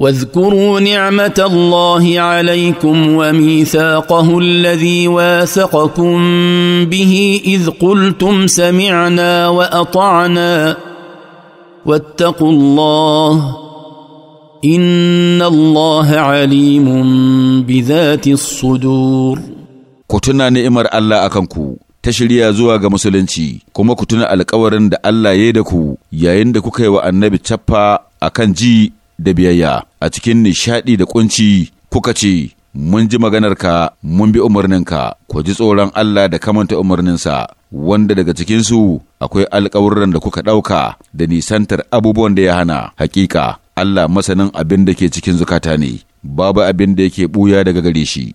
واذكروا نعمه الله عليكم وميثاقه الذي واثقكم به اذ قلتم سمعنا واطعنا واتقوا الله ان الله عليم بذات الصدور كتنا نئمر الله اكنكو ta shirya zuwa ga musulunci kuma ku tuna alkawarin da Allah ya yi da ku yayin da kuka yi wa annabi cappa akan ji da biyayya a cikin nishaɗi da kunci kuka ce mun ji maganarka mun bi umarninka ku ji tsoron Allah da kamanta umarninsa wanda daga cikinsu akwai alkawurran da kuka ɗauka da nisantar abubuwan da ya hana hakika Allah masanin abin da ke cikin zukata ne babu abin da yake buya daga gare shi